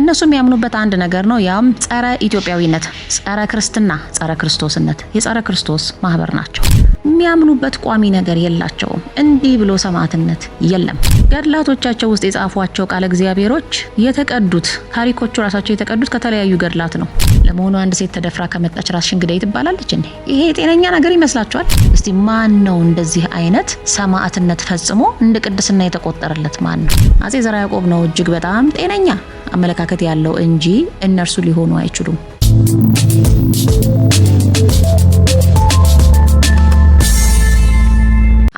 እነሱ የሚያምኑበት አንድ ነገር ነው። ያም ጸረ ኢትዮጵያዊነት፣ ጸረ ክርስትና፣ ጸረ ክርስቶስነት የጸረ ክርስቶስ ማህበር ናቸው። የሚያምኑበት ቋሚ ነገር የላቸውም። እንዲህ ብሎ ሰማዕትነት የለም። ገድላቶቻቸው ውስጥ የጻፏቸው ቃለ እግዚአብሔሮች የተቀዱት ታሪኮቹ ራሳቸው የተቀዱት ከተለያዩ ገድላት ነው። ለመሆኑ አንድ ሴት ተደፍራ ከመጣች ራስሽን ግደይ ትባላለች እንዴ? ይሄ የጤነኛ ነገር ይመስላችኋል? እስቲ ማን ነው እንደዚህ አይነት ሰማዕትነት ፈጽሞ እንደ ቅድስና የተቆጠረለት ማን ነው? አጼ ዘርዓ ያዕቆብ ነው እጅግ በጣም ጤነኛ አመለካከት ያለው እንጂ እነርሱ ሊሆኑ አይችሉም።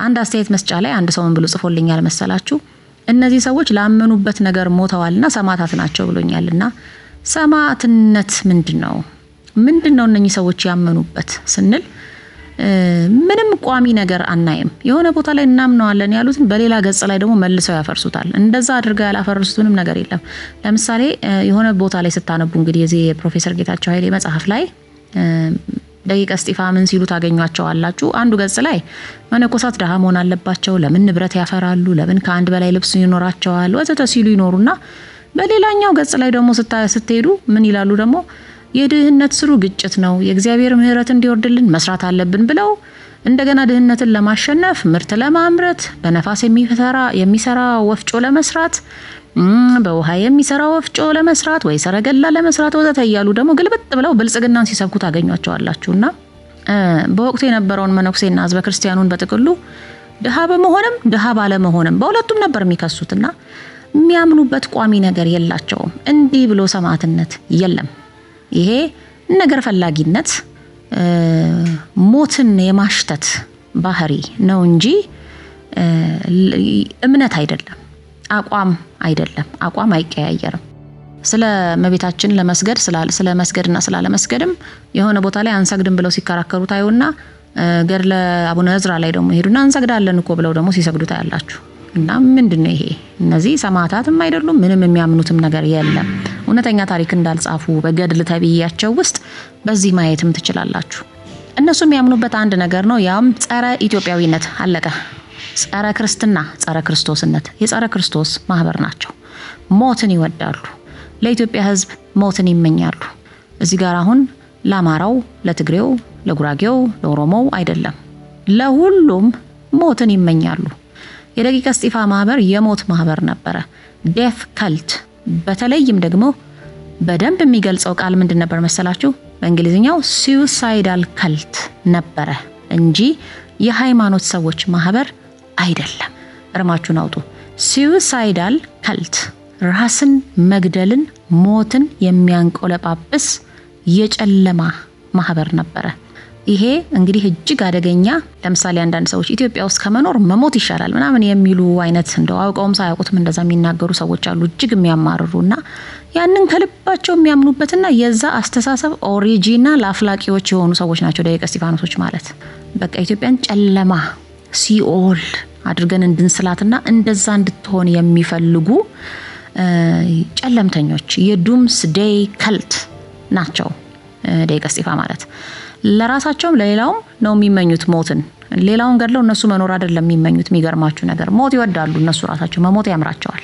አንድ አስተያየት መስጫ ላይ አንድ ሰውን ብሎ ጽፎልኛል መሰላችሁ? እነዚህ ሰዎች ላመኑበት ነገር ሞተዋልና ሰማዕታት ናቸው ብሎኛልና ሰማዕትነት ምንድን ነው? ምንድን ነው እነኚህ ሰዎች ያመኑበት ስንል ምንም ቋሚ ነገር አናይም። የሆነ ቦታ ላይ እናምነዋለን ያሉትን በሌላ ገጽ ላይ ደግሞ መልሰው ያፈርሱታል። እንደዛ አድርገው ያላፈረሱትንም ነገር የለም። ለምሳሌ የሆነ ቦታ ላይ ስታነቡ እንግዲህ የዚህ የፕሮፌሰር ጌታቸው ኃይሌ መጽሐፍ ላይ ደቂቀ ምን ሲሉ ታገኟቸዋላችሁ። አንዱ ገጽ ላይ መነኮሳት ድሀ መሆን አለባቸው፣ ለምን ንብረት ያፈራሉ፣ ለምን ከአንድ በላይ ልብስ ይኖራቸዋል፣ ወዘተ ሲሉ ይኖሩና በሌላኛው ገጽ ላይ ደግሞ ስትሄዱ ምን ይላሉ ደግሞ የድህነት ስሩ ግጭት ነው፣ የእግዚአብሔር ምሕረት እንዲወርድልን መስራት አለብን ብለው እንደገና ድህነትን ለማሸነፍ ምርት ለማምረት በነፋስ የሚሰራ ወፍጮ ለመስራት በውሃ የሚሰራ ወፍጮ ለመስራት ወይ ሰረገላ ለመስራት ወዘተ እያሉ ደግሞ ግልብጥ ብለው ብልጽግናን ሲሰብኩ እና በወቅቱ የነበረውን መነኩሴና ህዝበ ክርስቲያኑን በጥቅሉ ድሃ በመሆንም ድሃ ባለመሆንም በሁለቱም ነበር የሚከሱትና የሚያምኑበት ቋሚ ነገር የላቸውም። እንዲህ ብሎ ሰማዕትነት የለም። ይሄ ነገር ፈላጊነት ሞትን የማሽተት ባህሪ ነው እንጂ እምነት አይደለም፣ አቋም አይደለም። አቋም አይቀያየርም። ስለ እመቤታችን ለመስገድ ስለ መስገድና ስላለመስገድም የሆነ ቦታ ላይ አንሰግድም ብለው ሲከራከሩ ታዩና ገድለ አቡነ ዕዝራ ላይ ደግሞ ሄዱና አንሰግዳለን እኮ ብለው ደግሞ ሲሰግዱ ታያላችሁ። እና ምንድን ነው ይሄ? እነዚህ ሰማዕታትም አይደሉም፣ ምንም የሚያምኑትም ነገር የለም። እውነተኛ ታሪክ እንዳልጻፉ በገድል ተብያቸው ውስጥ በዚህ ማየትም ትችላላችሁ። እነሱ የሚያምኑበት አንድ ነገር ነው፣ ያም ጸረ ኢትዮጵያዊነት። አለቀ። ጸረ ክርስትና፣ ጸረ ክርስቶስነት፣ የጸረ ክርስቶስ ማህበር ናቸው። ሞትን ይወዳሉ። ለኢትዮጵያ ሕዝብ ሞትን ይመኛሉ። እዚህ ጋር አሁን ለአማራው፣ ለትግሬው፣ ለጉራጌው፣ ለኦሮሞው አይደለም፣ ለሁሉም ሞትን ይመኛሉ። የደቂቀ እስጢፋ ማህበር የሞት ማህበር ነበረ። ዴፍ ከልት በተለይም ደግሞ በደንብ የሚገልጸው ቃል ምንድን ነበር መሰላችሁ? በእንግሊዝኛው ሱሳይዳል ከልት ነበረ እንጂ የሃይማኖት ሰዎች ማህበር አይደለም። እርማችሁን አውጡ። ሱሳይዳል ከልት ራስን መግደልን፣ ሞትን የሚያንቆለጳጵስ የጨለማ ማህበር ነበረ። ይሄ እንግዲህ እጅግ አደገኛ ለምሳሌ አንዳንድ ሰዎች ኢትዮጵያ ውስጥ ከመኖር መሞት ይሻላል ምናምን የሚሉ አይነት እንደው አውቀውም ሳያውቁትም እንደዛ የሚናገሩ ሰዎች አሉ። እጅግ የሚያማርሩ እና ያንን ከልባቸው የሚያምኑበትና የዛ አስተሳሰብ ኦሪጂናል አፍላቂዎች የሆኑ ሰዎች ናቸው ደቂቀ እስጢፋኖሶች ማለት። በቃ ኢትዮጵያን ጨለማ ሲኦል አድርገን እንድንስላትና እንደዛ እንድትሆን የሚፈልጉ ጨለምተኞች የዱምስ ዴይ ከልት ናቸው ደቂቀ እስጢፋ ማለት። ለራሳቸውም ለሌላውም ነው የሚመኙት ሞትን። ሌላውን ገድለው እነሱ መኖር አይደለም የሚመኙት። የሚገርማችሁ ነገር ሞት ይወዳሉ እነሱ ራሳቸው መሞት ያምራቸዋል።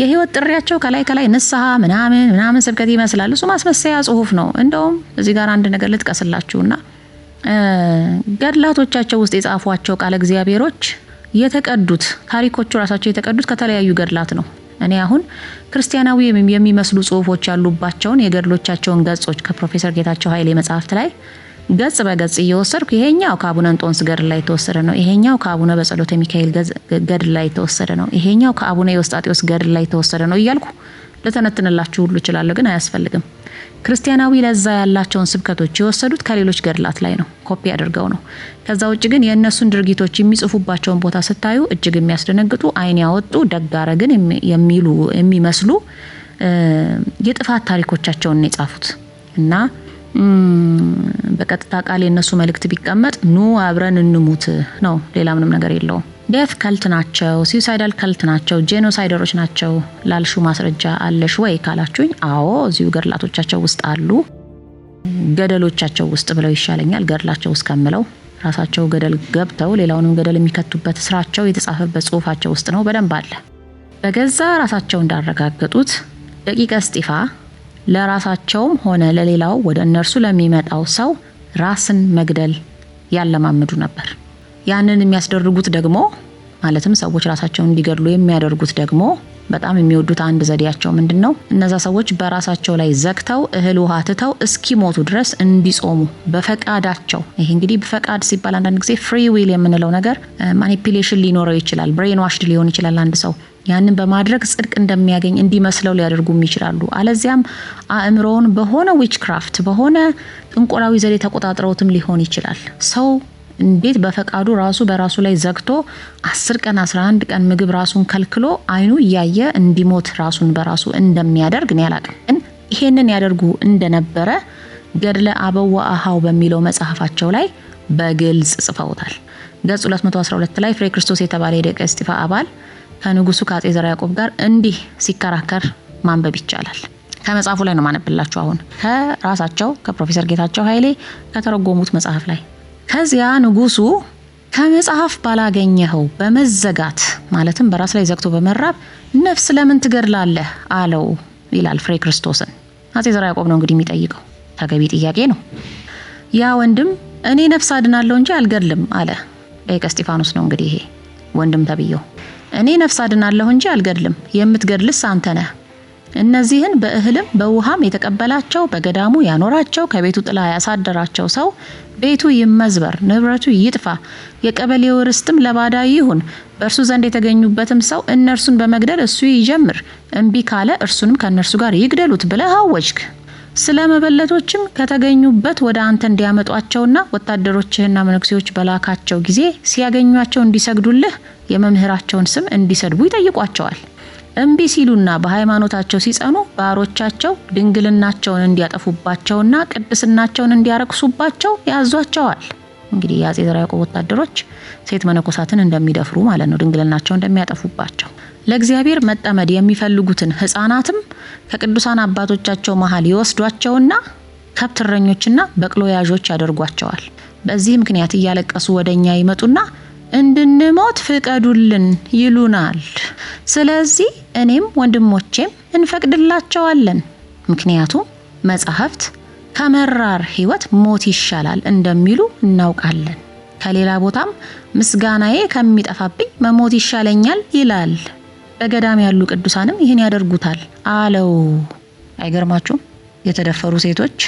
የህይወት ጥሪያቸው ከላይ ከላይ ንስሐ ምናምን ምናምን ስብከት ይመስላል። እሱ ማስመሰያ ጽሁፍ ነው። እንደውም እዚህ ጋር አንድ ነገር ልጥቀስላችሁና ገድላቶቻቸው ውስጥ የጻፏቸው ቃለ እግዚአብሔሮች የተቀዱት ታሪኮቹ ራሳቸው የተቀዱት ከተለያዩ ገድላት ነው። እኔ አሁን ክርስቲያናዊ የሚመስሉ ጽሁፎች ያሉባቸውን የገድሎቻቸውን ገጾች ከፕሮፌሰር ጌታቸው ኃይሌ መጽሐፍት ላይ ገጽ በገጽ እየወሰድኩ ይሄኛው ከአቡነ እንጦንስ ገድል ላይ የተወሰደ ነው፣ ይሄኛው ከአቡነ በጸሎተ ሚካኤል ገድል ላይ የተወሰደ ነው፣ ይሄኛው ከአቡነ የወስጣጤዎስ ገድል ላይ የተወሰደ ነው እያልኩ ልተነትንላችሁ ሁሉ እችላለሁ፣ ግን አያስፈልግም። ክርስቲያናዊ ለዛ ያላቸውን ስብከቶች የወሰዱት ከሌሎች ገድላት ላይ ነው፣ ኮፒ አድርገው ነው። ከዛ ውጭ ግን የእነሱን ድርጊቶች የሚጽፉባቸውን ቦታ ስታዩ እጅግ የሚያስደነግጡ አይን ያወጡ ደጋረ ግን የሚሉ የሚመስሉ የጥፋት ታሪኮቻቸውን ነው የጻፉት እና በቀጥታ ቃል የእነሱ መልእክት ቢቀመጥ ኑ አብረን እንሙት ነው። ሌላ ምንም ነገር የለውም። ደፍ ከልት ናቸው፣ ሲዩሳይዳል ከልት ናቸው፣ ጄኖሳይደሮች ናቸው ላልሹ ማስረጃ አለሽ ወይ ካላችሁኝ፣ አዎ እዚሁ ገድላቶቻቸው ውስጥ አሉ። ገደሎቻቸው ውስጥ ብለው ይሻለኛል ገድላቸው ውስጥ ከምለው ራሳቸው ገደል ገብተው ሌላውንም ገደል የሚከቱበት ስራቸው የተጻፈበት ጽሁፋቸው ውስጥ ነው። በደንብ አለ። በገዛ ራሳቸው እንዳረጋገጡት ደቂቀ እስጢፋ ለራሳቸውም ሆነ ለሌላው ወደ እነርሱ ለሚመጣው ሰው ራስን መግደል ያለማምዱ ነበር። ያንን የሚያስደርጉት ደግሞ ማለትም ሰዎች ራሳቸውን እንዲገድሉ የሚያደርጉት ደግሞ በጣም የሚወዱት አንድ ዘዴያቸው ምንድን ነው? እነዛ ሰዎች በራሳቸው ላይ ዘግተው እህል ውሃ ትተው እስኪሞቱ ድረስ እንዲጾሙ በፈቃዳቸው። ይሄ እንግዲህ በፈቃድ ሲባል አንዳንድ ጊዜ ፍሪ ዊል የምንለው ነገር ማኒፕሌሽን ሊኖረው ይችላል። ብሬን ዋሽድ ሊሆን ይችላል አንድ ሰው ያንን በማድረግ ጽድቅ እንደሚያገኝ እንዲመስለው ሊያደርጉም ይችላሉ። አለዚያም አእምሮውን በሆነ ዊችክራፍት በሆነ ጥንቆላዊ ዘዴ ተቆጣጥረውትም ሊሆን ይችላል ሰው እንዴት በፈቃዱ ራሱ በራሱ ላይ ዘግቶ አስር ቀን አስራ አንድ ቀን ምግብ ራሱን ከልክሎ አይኑ እያየ እንዲሞት ራሱን በራሱ እንደሚያደርግ ነው ያላቅም። ግን ይሄንን ያደርጉ እንደነበረ ገድለ አበው አሃው በሚለው መጽሐፋቸው ላይ በግልጽ ጽፈውታል። ገጽ 212 ላይ ፍሬ ክርስቶስ የተባለ የደቀ እስጢፋ አባል ከንጉሱ ከአጼ ዘርዓ ያዕቆብ ጋር እንዲህ ሲከራከር ማንበብ ይቻላል። ከመጽሐፉ ላይ ነው ማነብላችሁ አሁን ከራሳቸው ከፕሮፌሰር ጌታቸው ኃይሌ ከተረጎሙት መጽሐፍ ላይ ከዚያ ንጉሱ ከመጽሐፍ ባላገኘኸው በመዘጋት ማለትም በራስ ላይ ዘግቶ በመራብ ነፍስ ለምን ትገድላለህ አለው ይላል ፍሬ ክርስቶስን። አጼ ዘርዓ ያዕቆብ ነው እንግዲህ የሚጠይቀው። ተገቢ ጥያቄ ነው። ያ ወንድም እኔ ነፍስ አድናለሁ እንጂ አልገድልም አለ። ደቂቀ እስጢፋኖስ ነው እንግዲህ ይሄ ወንድም ተብዬው። እኔ ነፍስ አድናለሁ እንጂ አልገድልም፣ የምትገድልስ አንተ ነህ እነዚህን በእህልም በውሃም የተቀበላቸው በገዳሙ ያኖራቸው ከቤቱ ጥላ ያሳደራቸው ሰው ቤቱ ይመዝበር፣ ንብረቱ ይጥፋ፣ የቀበሌው ርስትም ለባዳ ይሁን። በእርሱ ዘንድ የተገኙበትም ሰው እነርሱን በመግደል እሱ ይጀምር፣ እምቢ ካለ እርሱንም ከእነርሱ ጋር ይግደሉት ብለህ አወጅክ። ስለ መበለቶችም ከተገኙበት ወደ አንተ እንዲያመጧቸውና ወታደሮችህና መነኩሴዎች በላካቸው ጊዜ ሲያገኟቸው እንዲሰግዱልህ የመምህራቸውን ስም እንዲሰድቡ ይጠይቋቸዋል። እምቢ ሲሉና በሃይማኖታቸው ሲጸኑ ባሮቻቸው ድንግልናቸውን እንዲያጠፉባቸውና ቅድስናቸውን እንዲያረክሱባቸው ያዟቸዋል። እንግዲህ የአጼ ዘርዓ ያዕቆብ ወታደሮች ሴት መነኮሳትን እንደሚደፍሩ ማለት ነው፣ ድንግልናቸው እንደሚያጠፉባቸው ለእግዚአብሔር መጠመድ የሚፈልጉትን ህፃናትም ከቅዱሳን አባቶቻቸው መሀል ይወስዷቸውና ከብት እረኞችና በቅሎ ያዦች ያደርጓቸዋል። በዚህ ምክንያት እያለቀሱ ወደኛ ይመጡና እንድንሞት ፍቀዱልን ይሉናል። ስለዚህ እኔም ወንድሞቼም እንፈቅድላቸዋለን። ምክንያቱም መጻሕፍት ከመራር ሕይወት ሞት ይሻላል እንደሚሉ እናውቃለን። ከሌላ ቦታም ምስጋናዬ ከሚጠፋብኝ መሞት ይሻለኛል ይላል። በገዳም ያሉ ቅዱሳንም ይህን ያደርጉታል አለው። አይገርማችሁም? የተደፈሩ ሴቶች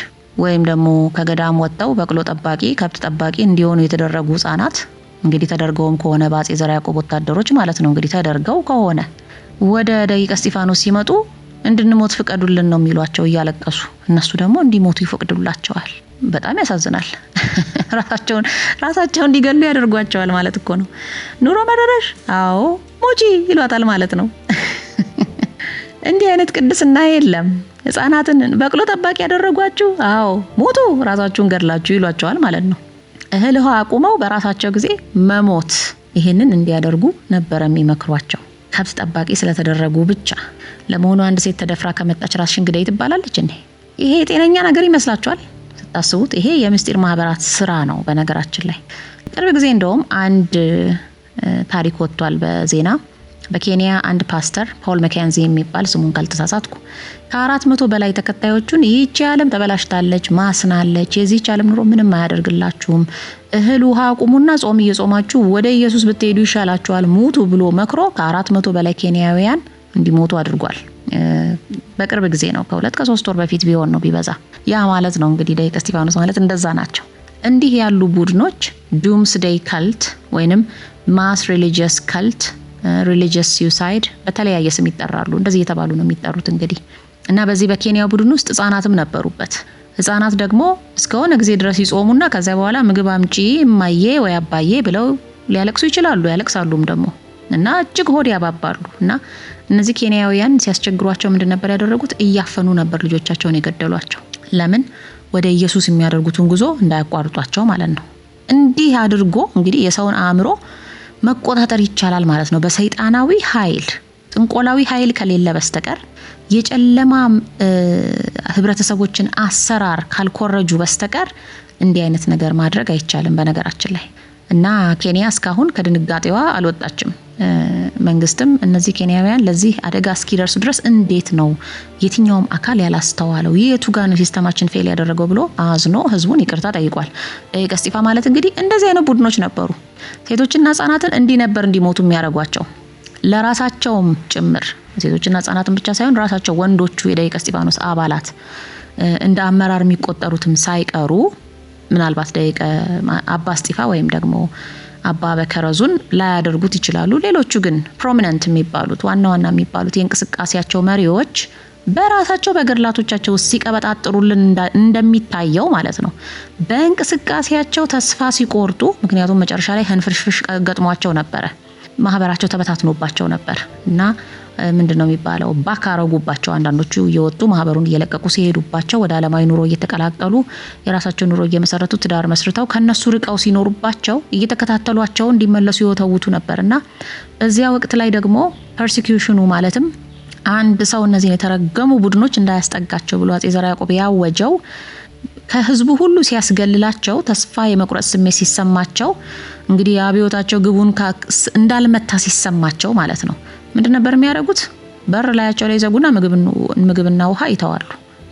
ወይም ደግሞ ከገዳም ወጥተው በቅሎ ጠባቂ፣ ከብት ጠባቂ እንዲሆኑ የተደረጉ ህፃናት። እንግዲህ ተደርገውም ከሆነ በአጼ ዘርዓ ያዕቆብ ወታደሮች ማለት ነው እንግዲህ ተደርገው ከሆነ ወደ ደቂቀ እስጢፋኖስ ሲመጡ እንድንሞት ፍቀዱልን ነው የሚሏቸው እያለቀሱ። እነሱ ደግሞ እንዲሞቱ ይፈቅዱላቸዋል። በጣም ያሳዝናል። ራሳቸውን ራሳቸውን እንዲገሉ ያደርጓቸዋል ማለት እኮ ነው። ኑሮ መረረሽ፣ አዎ ሙጪ ይሏታል ማለት ነው። እንዲህ አይነት ቅድስና የለም። ህጻናትን በቅሎ ጠባቂ ያደረጓችሁ፣ አዎ ሞቱ ራሳችሁን ገድላችሁ ይሏቸዋል ማለት ነው። እህል ውሃ አቁመው በራሳቸው ጊዜ መሞት ይህንን እንዲያደርጉ ነበር የሚመክሯቸው ከብት ጠባቂ ስለተደረጉ ብቻ። ለመሆኑ አንድ ሴት ተደፍራ ከመጣች ራስሽን ግደይ ትባላለች እንዴ? ይሄ የጤነኛ ነገር ይመስላችኋል? ስታስቡት ይሄ የምስጢር ማህበራት ስራ ነው። በነገራችን ላይ ቅርብ ጊዜ እንደውም አንድ ታሪክ ወጥቷል በዜና በኬንያ አንድ ፓስተር ፖል መኬንዚ የሚባል ስሙን ካልተሳሳትኩ ከአራት መቶ በላይ ተከታዮቹን ይህቺ ዓለም ተበላሽታለች፣ ማስናለች፣ የዚህች ዓለም ኑሮ ምንም አያደርግላችሁም፣ እህል ውሃ አቁሙና ጾም እየጾማችሁ ወደ ኢየሱስ ብትሄዱ ይሻላችኋል፣ ሙቱ ብሎ መክሮ ከአራት መቶ በላይ ኬንያውያን እንዲሞቱ አድርጓል። በቅርብ ጊዜ ነው፣ ከሁለት ከሶስት ወር በፊት ቢሆን ነው ቢበዛ። ያ ማለት ነው እንግዲህ ደቂቀ እስጢፋኖስ ማለት እንደዛ ናቸው። እንዲህ ያሉ ቡድኖች ዱምስዴይ ካልት ወይንም ማስ ሪሊጂየስ ካልት ሪሊጂየስ ሱሳይድ በተለያየ ስም ይጠራሉ። እንደዚህ እየተባሉ ነው የሚጠሩት እንግዲህ እና በዚህ በኬንያ ቡድን ውስጥ ህጻናትም ነበሩበት። ህጻናት ደግሞ እስከሆነ ጊዜ ድረስ ይጾሙና ከዚያ በኋላ ምግብ አምጪ እማዬ ወይ አባዬ ብለው ሊያለቅሱ ይችላሉ። ያለቅሳሉም ደግሞ እና እጅግ ሆድ ያባባሉ እና እነዚህ ኬንያውያን ሲያስቸግሯቸው ምንድን ነበር ያደረጉት? እያፈኑ ነበር ልጆቻቸውን የገደሏቸው። ለምን ወደ ኢየሱስ የሚያደርጉትን ጉዞ እንዳያቋርጧቸው ማለት ነው። እንዲህ አድርጎ እንግዲህ የሰውን አእምሮ መቆጣጠር ይቻላል ማለት ነው። በሰይጣናዊ ኃይል ጥንቆላዊ ኃይል ከሌለ በስተቀር የጨለማ ህብረተሰቦችን አሰራር ካልኮረጁ በስተቀር እንዲህ አይነት ነገር ማድረግ አይቻልም። በነገራችን ላይ እና ኬንያ እስካሁን ከድንጋጤዋ አልወጣችም። መንግስትም እነዚህ ኬንያውያን ለዚህ አደጋ እስኪደርሱ ድረስ እንዴት ነው የትኛውም አካል ያላስተዋለው የቱ ጋር ነው ሲስተማችን ፌል ያደረገው ብሎ አዝኖ ህዝቡን ይቅርታ ጠይቋል። ቀስጢፋ ማለት እንግዲህ እንደዚህ አይነት ቡድኖች ነበሩ። ሴቶችና ህጻናትን እንዲህ ነበር እንዲሞቱ የሚያደርጓቸው ለራሳቸውም ጭምር ሴቶችና ህጻናትን ብቻ ሳይሆን ራሳቸው ወንዶቹ የደቂቀ እስጢፋኖስ አባላት እንደ አመራር የሚቆጠሩትም ሳይቀሩ ምናልባት ደቂቀ አባ እስጢፋ ወይም ደግሞ አባ በከረዙን ላያደርጉት ይችላሉ። ሌሎቹ ግን ፕሮሚነንት የሚባሉት ዋና ዋና የሚባሉት የእንቅስቃሴያቸው መሪዎች በራሳቸው በግርላቶቻቸው ሲቀበጣጥሩልን እንደሚታየው ማለት ነው። በእንቅስቃሴያቸው ተስፋ ሲቆርጡ፣ ምክንያቱም መጨረሻ ላይ ህንፍርሽፍሽ ገጥሟቸው ነበረ፣ ማህበራቸው ተበታትኖባቸው ነበር እና ምንድን ነው የሚባለው ባካረጉባቸው አረጉባቸው። አንዳንዶቹ እየወጡ ማህበሩን እየለቀቁ ሲሄዱባቸው ወደ አለማዊ ኑሮ እየተቀላቀሉ የራሳቸው ኑሮ እየመሰረቱ ትዳር መስርተው ከነሱ ርቀው ሲኖሩባቸው እየተከታተሏቸው እንዲመለሱ ይወተውቱ ነበርና በዚያ ወቅት ላይ ደግሞ ፐርሲኪዩሽኑ ማለትም አንድ ሰው እነዚህን የተረገሙ ቡድኖች እንዳያስጠጋቸው ብሎ አጼ ዘርዓ ያዕቆብ ያወጀው ከህዝቡ ሁሉ ሲያስገልላቸው ተስፋ የመቁረጥ ስሜት ሲሰማቸው እንግዲህ አብዮታቸው ግቡን እንዳልመታ ሲሰማቸው ማለት ነው። ምንድን ነበር የሚያደርጉት? በር ላያቸው ላይ ዘጉና ምግብና ውሃ ይተዋሉ።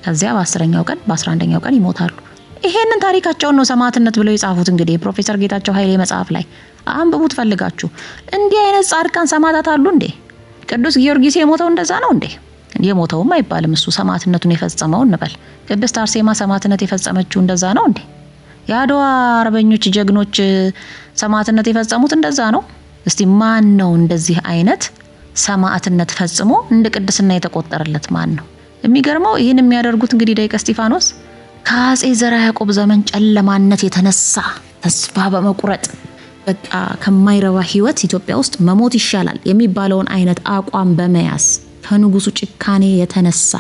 ከዚያ በአስረኛው ቀን በአስራአንደኛው ቀን ይሞታሉ። ይሄንን ታሪካቸውን ነው ሰማዕትነት ብለው የጻፉት። እንግዲህ የፕሮፌሰር ጌታቸው ኃይሌ መጽሐፍ ላይ አንብቡት ፈልጋችሁ። እንዲህ አይነት ጻድቃን ሰማዕታት አሉ እንዴ? ቅዱስ ጊዮርጊስ የሞተው እንደዛ ነው እንዴ? የሞተውም አይባልም እሱ ሰማዕትነቱን የፈጸመው እንበል። ቅድስት አርሴማ ሰማዕትነት የፈጸመችው እንደዛ ነው እንዴ? የአድዋ አርበኞች ጀግኖች ሰማዕትነት የፈጸሙት እንደዛ ነው? እስቲ ማን ነው እንደዚህ አይነት ሰማዕትነት ፈጽሞ እንደ ቅድስና የተቆጠረለት ማን ነው? የሚገርመው ይህን የሚያደርጉት እንግዲህ ደቂቀ እስጢፋኖስ ከአጼ ዘርዓ ያዕቆብ ዘመን ጨለማነት የተነሳ ተስፋ በመቁረጥ በቃ ከማይረባ ህይወት ኢትዮጵያ ውስጥ መሞት ይሻላል የሚባለውን አይነት አቋም በመያዝ ከንጉሱ ጭካኔ የተነሳ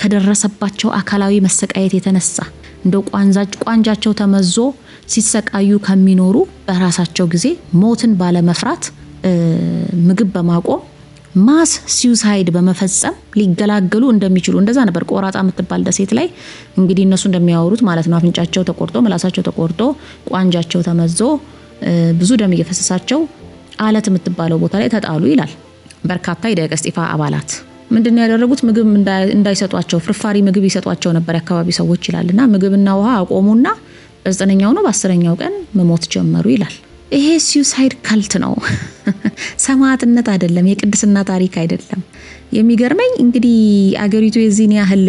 ከደረሰባቸው አካላዊ መሰቃየት የተነሳ እንደ ቋንዛጭ ቋንጃቸው ተመዞ ሲሰቃዩ ከሚኖሩ በራሳቸው ጊዜ ሞትን ባለመፍራት ምግብ በማቆም ማስ ሲዩሳይድ በመፈጸም ሊገላገሉ እንደሚችሉ እንደዛ ነበር። ቆራጣ የምትባል ደሴት ላይ እንግዲህ እነሱ እንደሚያወሩት ማለት ነው አፍንጫቸው ተቆርጦ ምላሳቸው ተቆርጦ ቋንጃቸው ተመዞ ብዙ ደም እየፈሰሳቸው አለት የምትባለው ቦታ ላይ ተጣሉ ይላል። በርካታ የደቀ እስጢፋ አባላት ምንድን ያደረጉት? ምግብ እንዳይሰጧቸው ፍርፋሪ ምግብ ይሰጧቸው ነበር የአካባቢ ሰዎች ይላል እና ምግብና ውሃ አቆሙና በዘጠነኛው ነው በአስረኛው ቀን መሞት ጀመሩ ይላል። ይሄ ሲዩሳይድ ካልት ነው። ሰማዕትነት አይደለም፣ የቅድስና ታሪክ አይደለም። የሚገርመኝ እንግዲህ አገሪቱ የዚህን ያህል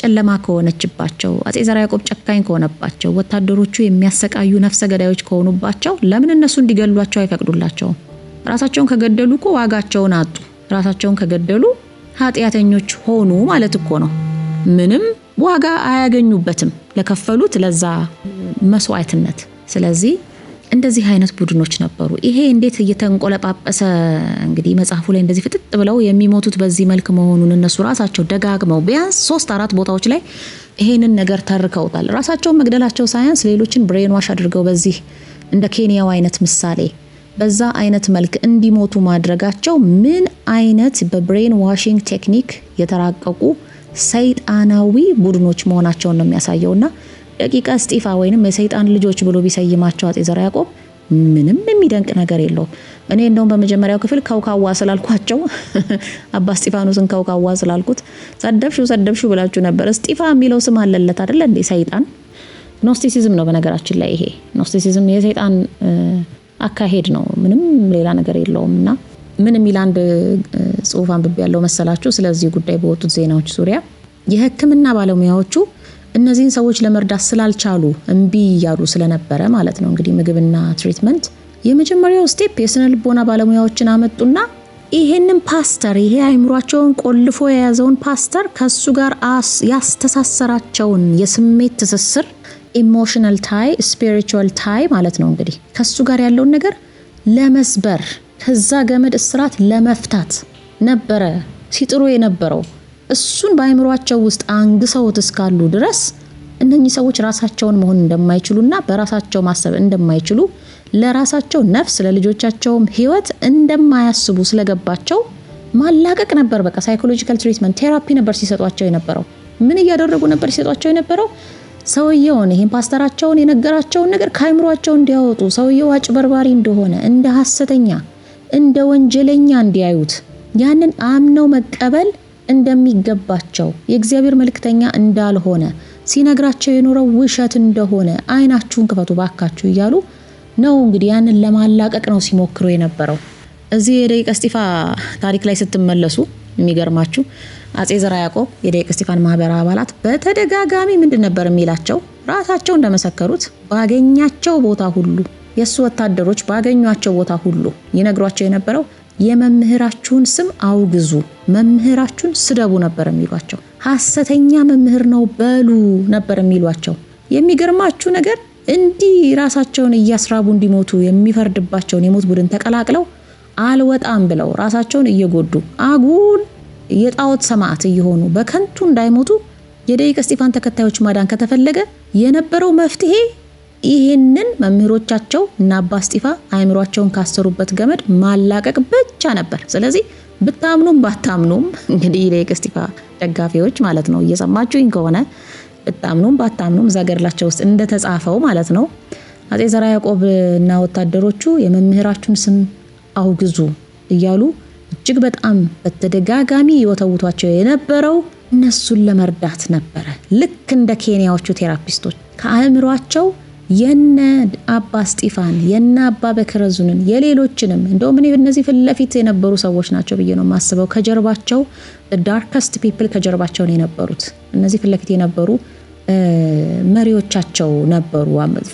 ጨለማ ከሆነችባቸው አጼ ዘርዓ ያዕቆብ ጨካኝ ከሆነባቸው ወታደሮቹ የሚያሰቃዩ ነፍሰ ገዳዮች ከሆኑባቸው ለምን እነሱ እንዲገሏቸው አይፈቅዱላቸውም? ራሳቸውን ከገደሉ እኮ ዋጋቸውን አጡ። ራሳቸውን ከገደሉ ኃጢአተኞች ሆኑ ማለት እኮ ነው። ምንም ዋጋ አያገኙበትም ለከፈሉት ለዛ መስዋዕትነት። ስለዚህ እንደዚህ አይነት ቡድኖች ነበሩ። ይሄ እንዴት እየተንቆለጳጰሰ እንግዲህ መጽሐፉ ላይ እንደዚህ ፍጥጥ ብለው የሚሞቱት በዚህ መልክ መሆኑን እነሱ ራሳቸው ደጋግመው ቢያንስ ሶስት አራት ቦታዎች ላይ ይሄንን ነገር ተርከውታል። ራሳቸውን መግደላቸው ሳያንስ ሌሎችን ብሬን ዋሽ አድርገው በዚህ እንደ ኬንያው አይነት ምሳሌ በዛ አይነት መልክ እንዲሞቱ ማድረጋቸው ምን አይነት በብሬን ዋሽንግ ቴክኒክ የተራቀቁ ሰይጣናዊ ቡድኖች መሆናቸውን ነው የሚያሳየውና ደቂቀ እስጢፋ ወይንም የሰይጣን ልጆች ብሎ ቢሰይማቸው አጼ ዘርዓ ያዕቆብ ምንም የሚደንቅ ነገር የለውም። እኔ እንደውም በመጀመሪያው ክፍል ከውካዋ ስላልኳቸው አባ እስጢፋኖስን ከውካዋ ስላልኩት ሰደብሹ ሰደብሹ ብላችሁ ነበር። እስጢፋ የሚለው ስም አለለት አደለ እንዴ? ሰይጣን ኖስቲሲዝም ነው በነገራችን ላይ ይሄ ኖስቲሲዝም የሰይጣን አካሄድ ነው። ምንም ሌላ ነገር የለውም እና ምን የሚል አንድ ጽሁፍ አንብቤ ያለው መሰላችሁ? ስለዚህ ጉዳይ በወጡት ዜናዎች ዙሪያ የህክምና ባለሙያዎቹ እነዚህን ሰዎች ለመርዳት ስላልቻሉ እምቢ እያሉ ስለነበረ ማለት ነው እንግዲህ ምግብና ትሪትመንት የመጀመሪያው ስቴፕ የስነ ልቦና ባለሙያዎችን አመጡና ይሄንን ፓስተር ይሄ አይምሯቸውን ቆልፎ የያዘውን ፓስተር ከሱ ጋር ያስተሳሰራቸውን የስሜት ትስስር ኢሞሽናል ታይ ስፒሪቹዋል ታይ ማለት ነው እንግዲህ ከሱ ጋር ያለውን ነገር ለመስበር ከዛ ገመድ እስራት ለመፍታት ነበረ ሲጥሩ የነበረው። እሱን በአይምሯቸው ውስጥ አንግሰውት እስካሉ ድረስ እነኚህ ሰዎች ራሳቸውን መሆን እንደማይችሉና በራሳቸው ማሰብ እንደማይችሉ ለራሳቸው ነፍስ ለልጆቻቸውም ህይወት እንደማያስቡ ስለገባቸው ማላቀቅ ነበር። በቃ ሳይኮሎጂካል ትሪትመንት ቴራፒ ነበር ሲሰጧቸው የነበረው። ምን እያደረጉ ነበር ሲሰጧቸው የነበረው? ሰውየውን ይህን ፓስተራቸውን የነገራቸውን ነገር ከአይምሯቸው እንዲያወጡ፣ ሰውየው አጭበርባሪ እንደሆነ፣ እንደ ሀሰተኛ እንደ ወንጀለኛ እንዲያዩት ያንን አምነው መቀበል እንደሚገባቸው የእግዚአብሔር መልእክተኛ እንዳልሆነ ሲነግራቸው የኖረው ውሸት እንደሆነ አይናችሁን ክፈቱ ባካችሁ እያሉ ነው እንግዲህ ያንን ለማላቀቅ ነው ሲሞክሩ የነበረው። እዚህ የደቂቀ እስጢፋ ታሪክ ላይ ስትመለሱ የሚገርማችሁ አጼ ዘራ ያዕቆብ የደቂቀ እስጢፋን ማህበር አባላት በተደጋጋሚ ምንድን ነበር የሚላቸው? ራሳቸው እንደመሰከሩት ባገኛቸው ቦታ ሁሉ የእሱ ወታደሮች ባገኟቸው ቦታ ሁሉ ይነግሯቸው የነበረው የመምህራችሁን ስም አውግዙ፣ መምህራችሁን ስደቡ ነበር የሚሏቸው። ሐሰተኛ መምህር ነው በሉ ነበር የሚሏቸው። የሚገርማችሁ ነገር እንዲህ ራሳቸውን እያስራቡ እንዲሞቱ የሚፈርድባቸውን የሞት ቡድን ተቀላቅለው አልወጣም ብለው ራሳቸውን እየጎዱ አጉል የጣዖት ሰማዕት እየሆኑ በከንቱ እንዳይሞቱ የደቂቀ እስጢፋን ተከታዮች ማዳን ከተፈለገ የነበረው መፍትሄ ይህንን መምህሮቻቸው እና አባ እስጢፋ አእምሯቸውን ካሰሩበት ገመድ ማላቀቅ ብቻ ነበር። ስለዚህ ብታምኑም ባታምኑም እንግዲህ የቅ እስጢፋ ደጋፊዎች ማለት ነው እየሰማችሁኝ ከሆነ ብታምኑም ባታምኑም እዛ ገድላቸው ውስጥ እንደተጻፈው ማለት ነው አጼ ዘርዓ ያዕቆብ እና ወታደሮቹ የመምህራችሁን ስም አውግዙ እያሉ እጅግ በጣም በተደጋጋሚ ይወተውቷቸው የነበረው እነሱን ለመርዳት ነበረ። ልክ እንደ ኬንያዎቹ ቴራፒስቶች ከአእምሯቸው የነ አባ እስጢፋን የነ አባ በክረዙንን የሌሎችንም እንደውም እኔ እነዚህ ፊት ለፊት የነበሩ ሰዎች ናቸው ብዬ ነው የማስበው። ከጀርባቸው ዳርከስት ፒፕል ከጀርባቸው ነው የነበሩት። እነዚህ ፊት ለፊት የነበሩ መሪዎቻቸው ነበሩ።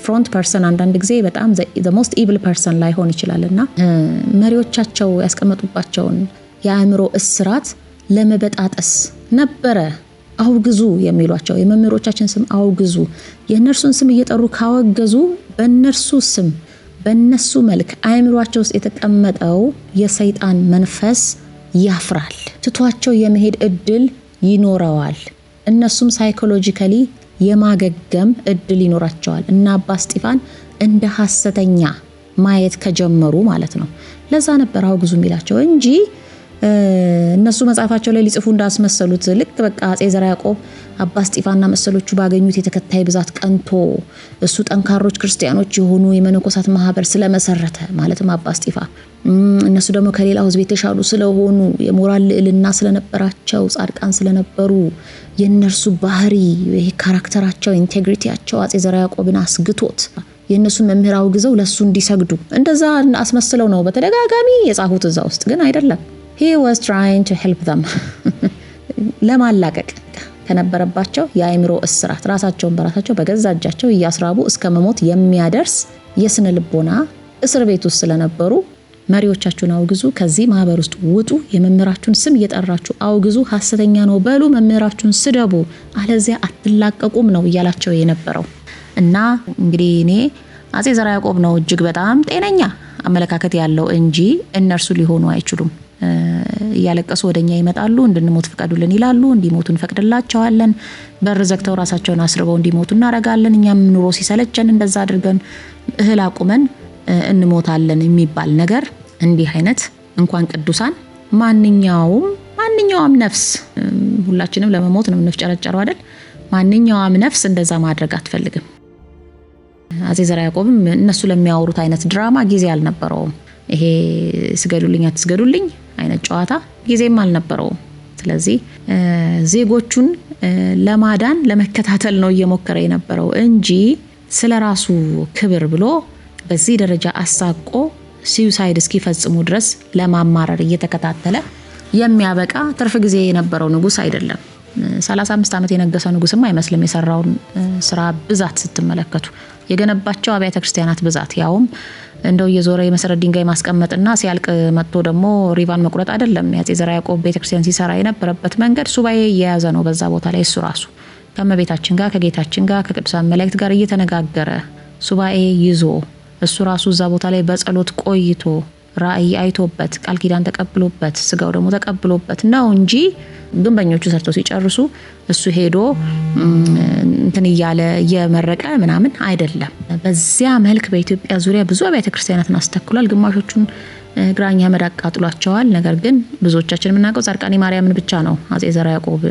ፍሮንት ፐርሰን አንዳንድ ጊዜ በጣም ሞስት ኢብል ፐርሰን ላይሆን ይችላል እና መሪዎቻቸው ያስቀመጡባቸውን የአእምሮ እስራት ለመበጣጠስ ነበረ አውግዙ የሚሏቸው የመምህሮቻችን ስም አውግዙ። የእነርሱን ስም እየጠሩ ካወገዙ በእነርሱ ስም በእነሱ መልክ አእምሯቸው ውስጥ የተቀመጠው የሰይጣን መንፈስ ያፍራል፣ ትቷቸው የመሄድ እድል ይኖረዋል። እነሱም ሳይኮሎጂካሊ የማገገም እድል ይኖራቸዋል እና አባ እስጢፋን እንደ ሐሰተኛ ማየት ከጀመሩ ማለት ነው። ለዛ ነበር አውግዙ የሚላቸው እንጂ እነሱ መጽሐፋቸው ላይ ሊጽፉ እንዳስመሰሉት ልክ በቃ አጼ ዘርዓ ያዕቆብ አባ እስጢፋና መሰሎቹ ባገኙት የተከታይ ብዛት ቀንቶ እሱ ጠንካሮች ክርስቲያኖች የሆኑ የመነኮሳት ማህበር ስለመሰረተ ማለትም አባ እስጢፋ እነሱ ደግሞ ከሌላው ህዝብ የተሻሉ ስለሆኑ የሞራል ልዕልና ስለነበራቸው ጻድቃን ስለነበሩ የእነርሱ ባህሪ ይሄ ካራክተራቸው ኢንቴግሪቲያቸው አጼ ዘርዓ ያዕቆብን አስግቶት የእነሱን መምህር አውግዘው ለእሱ እንዲሰግዱ እንደዛ አስመስለው ነው በተደጋጋሚ የጻፉት። እዛ ውስጥ ግን አይደለም ሂ ዋዝ ትራይንግ ቱ ሄልፕ ዘም ለማላቀቅ ከነበረባቸው የአእምሮ እስራት ራሳቸውን በራሳቸው በገዛ እጃቸው እያስራቡ እስከ መሞት የሚያደርስ የስነ ልቦና እስር ቤት ውስጥ ስለነበሩ መሪዎቻችሁን አውግዙ፣ ከዚህ ማህበር ውስጥ ውጡ፣ የመምህራችሁን ስም እየጠራችሁ አውግዙ፣ ሀሰተኛ ነው በሉ፣ መምህራችሁን ስደቡ፣ አለዚያ አትላቀቁም ነው እያላቸው የነበረው እና እንግዲህ እኔ አጼ ዘርዓ ያዕቆብ ነው እጅግ በጣም ጤነኛ አመለካከት ያለው እንጂ እነርሱ ሊሆኑ አይችሉም። እያለቀሱ ወደ እኛ ይመጣሉ። እንድንሞት ፍቀዱልን ይላሉ። እንዲሞቱ እንፈቅድላቸዋለን። በር ዘግተው ራሳቸውን አስርበው እንዲሞቱ እናረጋለን። እኛም ኑሮ ሲሰለቸን እንደዛ አድርገን እህል አቁመን እንሞታለን የሚባል ነገር እንዲህ አይነት እንኳን ቅዱሳን ማንኛውም ማንኛውም ነፍስ ሁላችንም ለመሞት ነው የምንፍጨረጨረው አይደል? ማንኛውም ነፍስ እንደዛ ማድረግ አትፈልግም። አጼ ዘርዓ ያዕቆብም እነሱ ለሚያወሩት አይነት ድራማ ጊዜ አልነበረውም። ይሄ ስገዱልኝ አትስገዱልኝ አይነት ጨዋታ ጊዜም አልነበረውም። ስለዚህ ዜጎቹን ለማዳን ለመከታተል ነው እየሞከረ የነበረው እንጂ ስለ ራሱ ክብር ብሎ በዚህ ደረጃ አሳቆ ሲዩሳይድ እስኪፈጽሙ ድረስ ለማማረር እየተከታተለ የሚያበቃ ትርፍ ጊዜ የነበረው ንጉስ አይደለም። 35 ዓመት የነገሰ ንጉስም አይመስልም። የሰራውን ስራ ብዛት ስትመለከቱ የገነባቸው አብያተ ክርስቲያናት ብዛት ያውም እንደው እየዞረ የመሰረት ድንጋይ ማስቀመጥና ሲያልቅ መጥቶ ደግሞ ሪቫን መቁረጥ አይደለም። የአፄ ዘርዓ ያዕቆብ ቤተክርስቲያን ሲሰራ የነበረበት መንገድ ሱባኤ እየያዘ ነው። በዛ ቦታ ላይ እሱ ራሱ ከመቤታችን ጋር ከጌታችን ጋር ከቅዱሳን መላእክት ጋር እየተነጋገረ ሱባኤ ይዞ እሱ ራሱ እዛ ቦታ ላይ በጸሎት ቆይቶ ራእይ አይቶበት ቃል ኪዳን ተቀብሎበት ስጋው ደግሞ ተቀብሎበት ነው እንጂ ግንበኞቹ ሰርተው ሲጨርሱ እሱ ሄዶ እንትን እያለ እየመረቀ ምናምን አይደለም። በዚያ መልክ በኢትዮጵያ ዙሪያ ብዙ አብያተ ክርስቲያናትን አስተክሏል። ግማሾቹን ግራኛ መድ አቃጥሏቸዋል። ነገር ግን ብዙዎቻችን የምናውቀው ጻድቃኔ ማርያምን ብቻ ነው አጼ ዘራ ያዕቆብ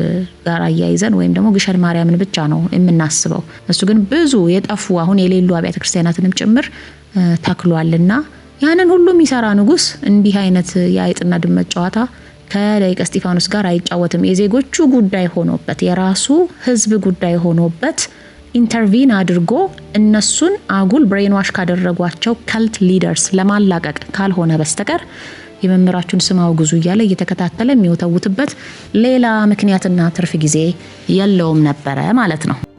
ጋር አያይዘን ወይም ደግሞ ግሸን ማርያምን ብቻ ነው የምናስበው። እሱ ግን ብዙ የጠፉ አሁን የሌሉ አብያተ ክርስቲያናትንም ጭምር ተክሏልና ያንን ሁሉ የሚሰራ ንጉስ እንዲህ አይነት የአይጥና ድመት ጨዋታ ከደቂቀ እስጢፋኖስ ጋር አይጫወትም። የዜጎቹ ጉዳይ ሆኖበት የራሱ ህዝብ ጉዳይ ሆኖበት ኢንተርቪን አድርጎ እነሱን አጉል ብሬንዋሽ ካደረጓቸው ከልት ሊደርስ ለማላቀቅ ካልሆነ በስተቀር የመምህራችሁን ስም አውግዙ እያለ እየተከታተለ የሚወተውትበት ሌላ ምክንያትና ትርፍ ጊዜ የለውም ነበረ ማለት ነው።